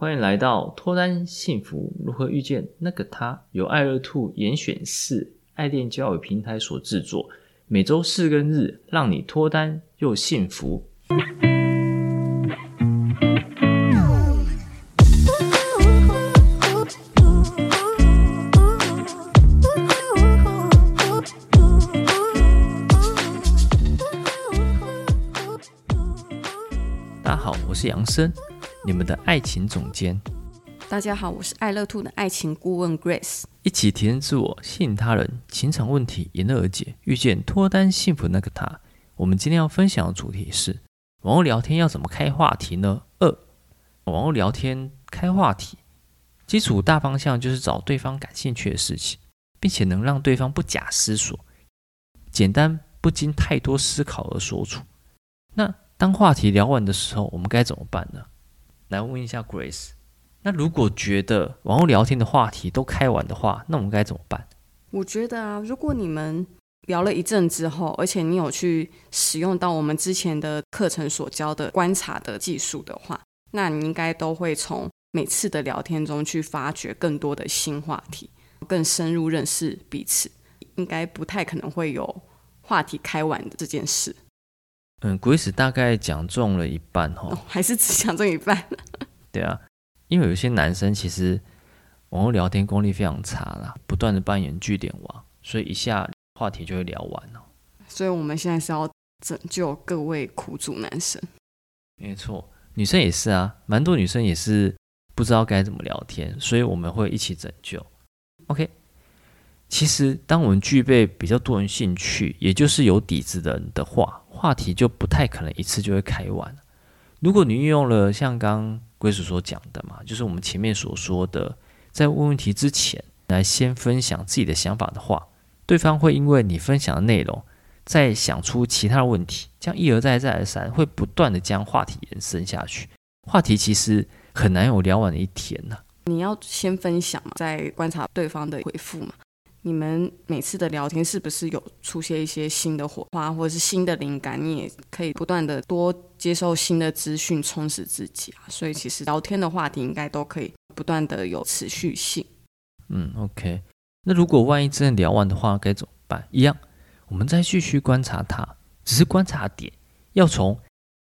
歡迎來到脫單幸福，如何遇見那個他？由愛樂兔嚴選四愛戀交友平台所製作，每週四跟日讓你脫單又幸福。大家好，我是楊森。你們的愛情總監，大家好，我是愛樂 Two 的愛情顧問 Grace，一起提升自我，吸引他人，情場問題迎刃而解，遇見脫單幸福的那個他。我們今天要分享的主題是：網絡聊天要怎麼開話題呢？二，網絡聊天開話題基礎大方向就是找對方感興趣的事情，並且能讓對方不假思索、簡單不經太多思考而說出。那當話題聊完的時候，我們該怎麼辦呢？來問一下 Grace，那如果覺得往後聊天的話題都開完的話，那我們該怎麼辦？我覺得啊，如果你們聊了一陣之後，而且你有去使用到我們之前的課程所教的觀察的技術的話，那你應該都會從每次的聊天中去發掘更多的新話題，更深入認識彼此，應該不太可能會有話題開完的這件事。嗯，鬼使大概講中了一半哦，還是只講中一半 對啊，因為有些男生其實網絡聊天功力非常差啦，不斷的扮演句點王，所以一下話題就會聊完。所以我們現在是要拯救各位苦主男生，沒錯，女生也是啊，蠻多女生也是不知道該怎麼聊天，所以我們會一起拯救。OK。其實，當我們具備比較多元興趣，也就是有底子的人的話，話題就不太可能一次就會開完。如果你運用了像剛歸屬所講的嘛，就是我們前面所說的，在問問題之前來先分享自己的想法的話，對方會因為你分享的內容，再想出其他的問題，這樣一而再再而三，會不斷的將話題延伸下去。話題其實很難有聊完的一天吶、啊。你要先分享嘛，再觀察對方的回復嘛。你們每次的聊天是不是有出現一些新的火花，或者是新的靈感？你也可以不斷的多接受新的資訊，充實自己啊。所以其實聊天的話題應該都可以不斷的有持續性。嗯，OK。那如果萬一真的聊完的話，該怎麼辦？一樣，我們再繼續觀察他，只是觀察點，要從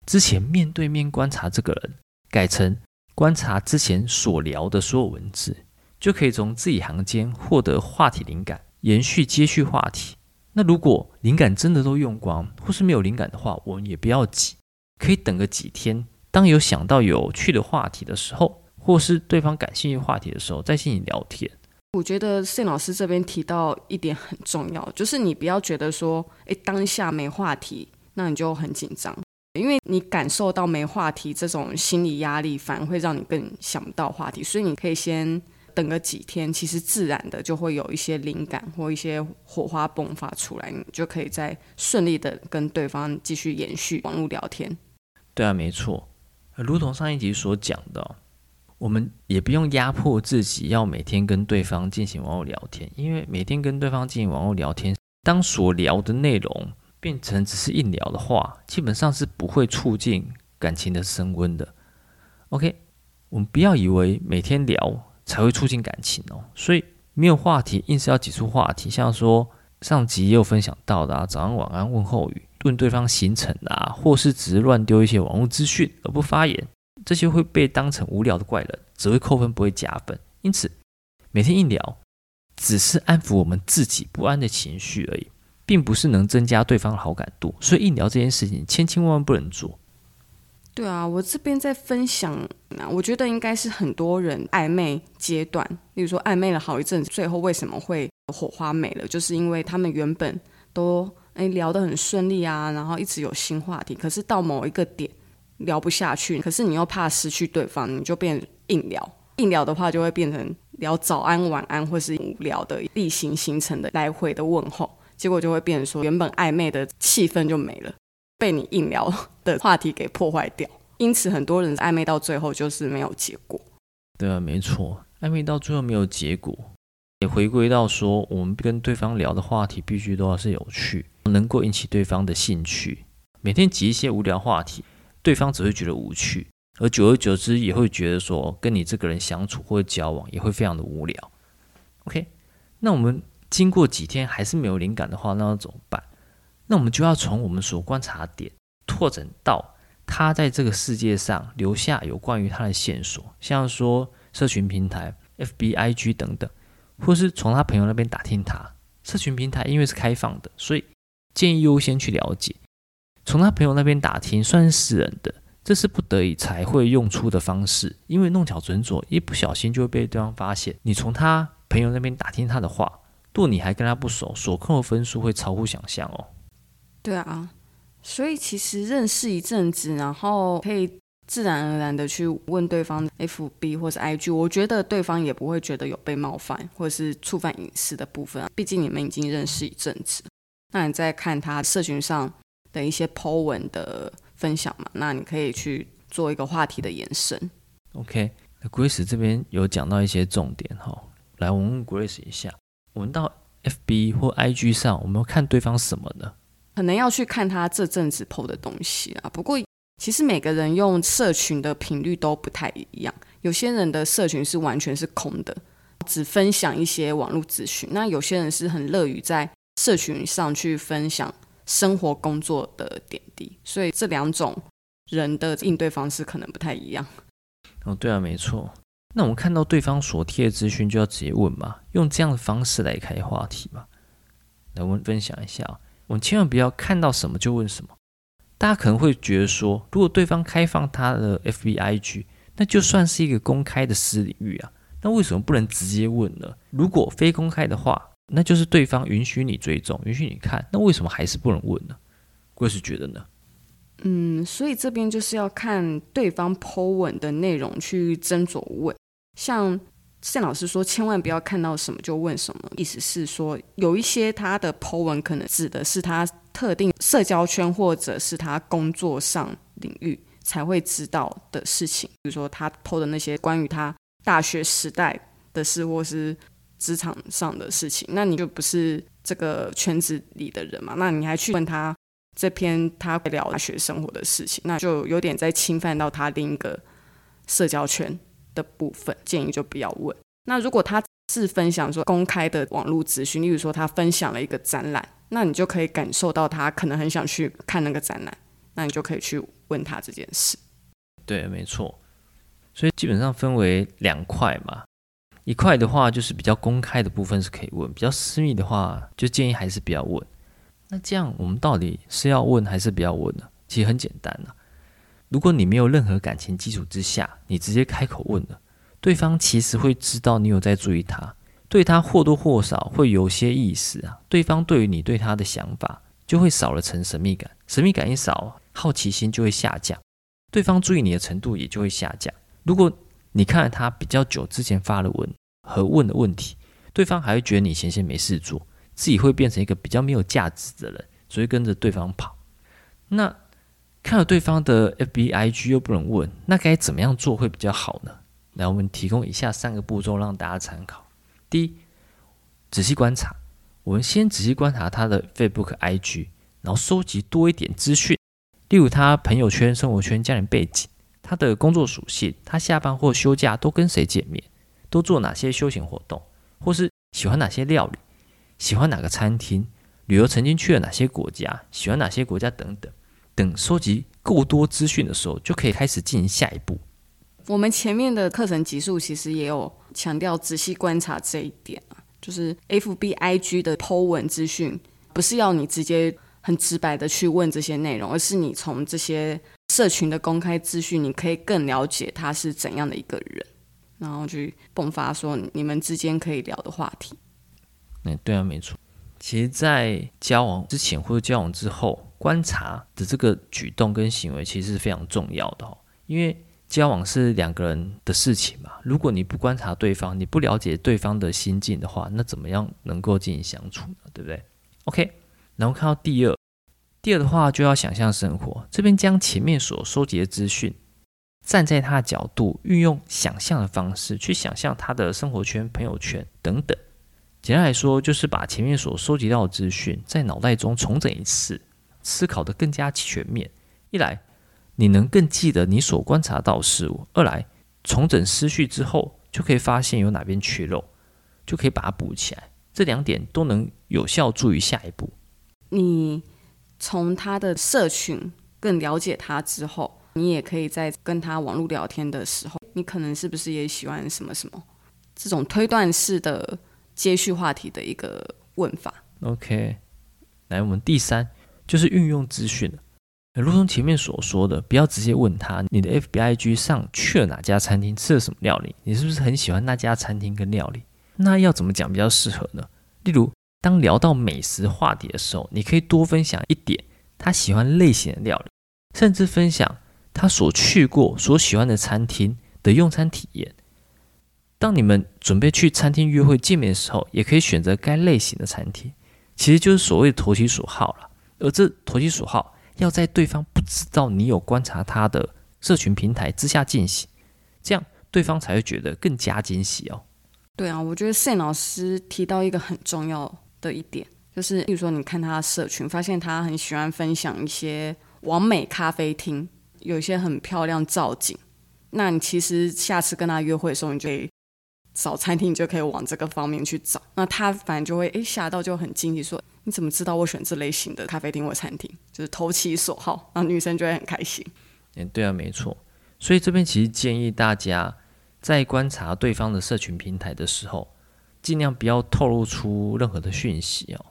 之前面對面觀察這個人，改成觀察之前所聊的所有文字。就可以從字裡行間獲得話題靈感，延續接續話題。那如果靈感真的都用光，或是沒有靈感的話，我們也不要急，可以等個幾天。當有想到有趣的話題的時候，或是對方感興趣話題的時候，再進行聊天。我覺得謝老師這邊提到一點很重要，就是你不要覺得說誒，當下沒話題，那你就很緊張，因為你感受到沒話題這種心理壓力，反而會讓你更想不到話題。所以你可以先。等個幾天，其實自然的就會有一些靈感或一些火花迸發出來，你就可以再順利的跟對方繼續延續網絡聊天。對啊，沒錯，如同上一集所講的，我們也不用壓迫自己要每天跟對方進行網絡聊天，因為每天跟對方進行網絡聊天，當所聊的內容變成只是硬聊的話，基本上是不會促進感情的升溫的。OK，我們不要以為每天聊。才會促進感情哦，所以沒有話題硬是要擠出話題，像說上集也有分享到的、啊、早安晚安問候語，問對方行程啊，或是只是亂丟一些網絡資訊而不發言，這些會被當成無聊的怪人，只會扣分不會加分。因此每天硬聊只是安撫我們自己不安的情緒而已，並不是能增加對方好感度。所以硬聊這件事情，千千萬萬不能做。對啊，我這邊在分享，那我覺得應該是很多人曖昧階段，例如說曖昧了好一陣子，最後為什麼會火花沒了，就是因為他們原本都哎聊得很順利啊，然後一直有新話題，可是到某一個點聊不下去，可是你又怕失去對方，你就變硬聊，硬聊的話就會變成聊早安晚安或是無聊的例行行程的來回的問候，結果就會變成說原本曖昧的氣氛就沒了。被你硬聊的話題給破壞掉，因此很多人曖昧到最後就是沒有結果。對啊，沒錯，曖昧到最後沒有結果，也回歸到說，我們跟對方聊的話題必須都要是有趣，能夠引起對方的興趣。每天擠一些無聊話題，對方只會覺得無趣，而久而久之也會覺得說，跟你這個人相處或交往也會非常的無聊。OK，那我們經過幾天還是沒有靈感的話，那要怎麼辦？那我們就要從我們所觀察點拓展到他在這個世界上留下有關於他的線索，像說社群平台、FB、IG 等等，或是從他朋友那邊打聽他。社群平台因為是開放的，所以建議優先去了解。從他朋友那邊打聽算是私人的，這是不得已才會用出的方式。因為弄巧成拙，一不小心就會被對方發現。你從他朋友那邊打聽他的話，若你還跟他不熟，所扣的分數會超乎想象哦。對啊，所以其實認識一陣子，然後可以自然而然的去問對方 FB 或者 IG，我覺得對方也不會覺得有被冒犯，或者是觸犯隱私的部分啊。畢竟你們已經認識一陣子，那你再看他社群上的一些 Po 文的分享嘛，那你可以去做一個話題的延伸。OK，Grace、okay, 這邊有講到一些重點哈，來，我們問 Grace 一下，我們到 FB 或 IG 上，我們要看對方什麼呢？可能要去看他這陣子 PO 的東西啊。不過，其實每個人用社群的頻率都不太一樣。有些人的社群是完全是空的，只分享一些網絡資訊。那有些人是很樂於在社群上去分享生活工作的點滴。所以這兩種人的應對方式可能不太一樣。哦，對啊，沒錯。那我們看到對方所貼的資訊，就要直接問嘛？用這樣的方式來開話題嘛？來，我們分享一下。我們千萬不要看到什麼就問什麼。大家可能會覺得說，如果對方開放他的 FBIG，那就算是一個公開的私領域啊，那為什麼不能直接問呢？如果非公開的話，那就是對方允許你追蹤，允許你看，那為什麼還是不能問呢？貴是覺得呢？嗯，所以這邊就是要看對方 po 文的內容去斟酌問，像。向老師說，千萬不要看到什麼就問什麼，意思是說，有一些他的 Po 文可能指的是他特定社交圈或者是他工作上領域才會知道的事情，比如說他 Po 的那些關於他大學時代的事，或是職場上的事情，那你就不是這個圈子裡的人嘛，那你還去問他這篇他聊大學生活的事情，那就有點在侵犯到他另一個社交圈。的部分建議就不要問。那如果他是分享說公開的網絡資訊，例如說他分享了一個展覽，那你就可以感受到他可能很想去看那個展覽，那你就可以去問他這件事。對，沒錯。所以基本上分為兩塊嘛，一塊的話就是比較公開的部分是可以問，比較私密的話就建議還是不要問。那這樣我們到底是要問還是不要問呢？其實很簡單吶啊。如果你沒有任何感情基礎之下，你直接開口問了，對方其實會知道你有在注意他，對他或多或少會有些意思啊。對方對於你對他的想法，就會少了層神秘感，神秘感一少，好奇心就會下降，對方注意你的程度也就會下降。如果你看了他比較久之前發的文和問的問題，對方還會覺得你閒閒沒事做，自己會變成一個比較沒有價值的人，所以跟着對方跑，那。看了對方的 F B I G 又不能問，那該怎麼樣做會比較好呢？來，我們提供以下三個步驟讓大家參考。第一，仔細觀察。我們先仔細觀察他的 Facebook I G，然後收集多一點資訊，例如他朋友圈、生活圈、家人背景、他的工作屬性、他下班或休假都跟誰見面、都做哪些休閒活動，或是喜歡哪些料理、喜歡哪個餐廳、旅遊曾經去了哪些國家、喜歡哪些國家等等。等收集夠多資訊的時候，就可以開始進行下一步。我們前面的課程集數其實也有強調仔細觀察這一點啊，就是 FB IG 的 Po 文資訊，不是要你直接很直白的去問這些內容，而是你從這些社群的公開資訊，你可以更了解他是怎樣的一個人，然後去迸發說你們之間可以聊的話題。嗯、欸，對啊，沒錯。其實，在交往之前或者交往之後。觀察的這個舉動跟行為其實是非常重要的哦，因為交往是兩個人的事情嘛。如果你不觀察對方，你不了解對方的心境的話，那怎麼樣能夠進行相處呢？對不對？OK，然後看到第二，第二的話就要想象生活。這邊將前面所收集的資訊，站在他的角度，運用想象的方式去想象他的生活圈、朋友圈等等。簡單來說，就是把前面所收集到的資訊在腦袋中重整一次。思考得更加全面，一來你能更記得你所觀察到的事物，二來重整思緒之後就可以發現有哪邊缺漏，就可以把它補起來。這兩點都能有效助於下一步。你從他的社群更了解他之後，你也可以在跟他網絡聊天的時候，你可能是不是也喜歡什麼什麼這種推斷式的接續話題的一個問法？OK，來我們第三。就是運用資訊了，如同前面所說的，不要直接問他你的 FB IG 上去了哪家餐廳吃了什麼料理，你是不是很喜歡那家餐廳跟料理？那要怎麼講比較適合呢？例如，當聊到美食話題的時候，你可以多分享一點他喜歡類型的料理，甚至分享他所去過、所喜歡的餐廳的用餐體驗。當你們準備去餐廳約會見面的時候，也可以選擇該類型的餐廳，其實就是所謂投其所好了。而這投其所好，要在對方不知道你有觀察他的社群平台之下進行，這樣對方才會覺得更加驚喜哦。對啊，我覺得 CEN 老師提到一個很重要的一點，就是比如說你看他的社群，發現他很喜歡分享一些網美咖啡廳，有一些很漂亮造景，那你其實下次跟他約會的時候，你就可以找餐廳，你就可以往這個方面去找，那他反正就會哎嚇到，就很驚喜說。你怎麼知道我選這類型的咖啡廳或餐廳？就是投其所好，那女生就會很開心。嗯、欸，對啊，沒錯。所以這邊其實建議大家，在觀察對方的社群平台的時候，盡量不要透露出任何的訊息哦。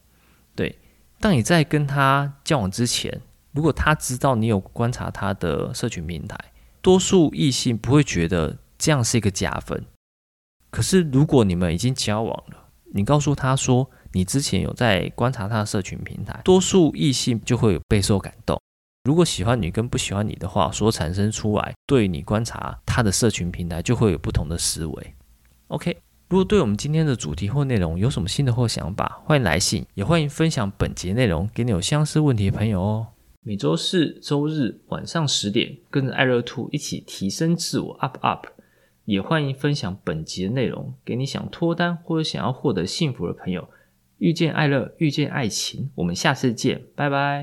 對，當你在跟他交往之前，如果他知道你有觀察他的社群平台，多數異性不會覺得這樣是一個加分。可是如果你們已經交往了，你告訴他說。你之前有在觀察他的社群平台，多數異性就會有備受感動。如果喜歡你跟不喜歡你的話，所產生出來對於你觀察他的社群平台就會有不同的思維。OK，如果對我們今天的主題或內容有什麼心得或想法，歡迎來信，也歡迎分享本節內容給你有相似問題的朋友哦。每週四、週日晚上十點，跟着愛樂 Two 一起提升自我，up up。也歡迎分享本節內容給你想脫單或者想要獲得幸福的朋友。遇見愛樂，遇見愛情，我們下次見，拜拜。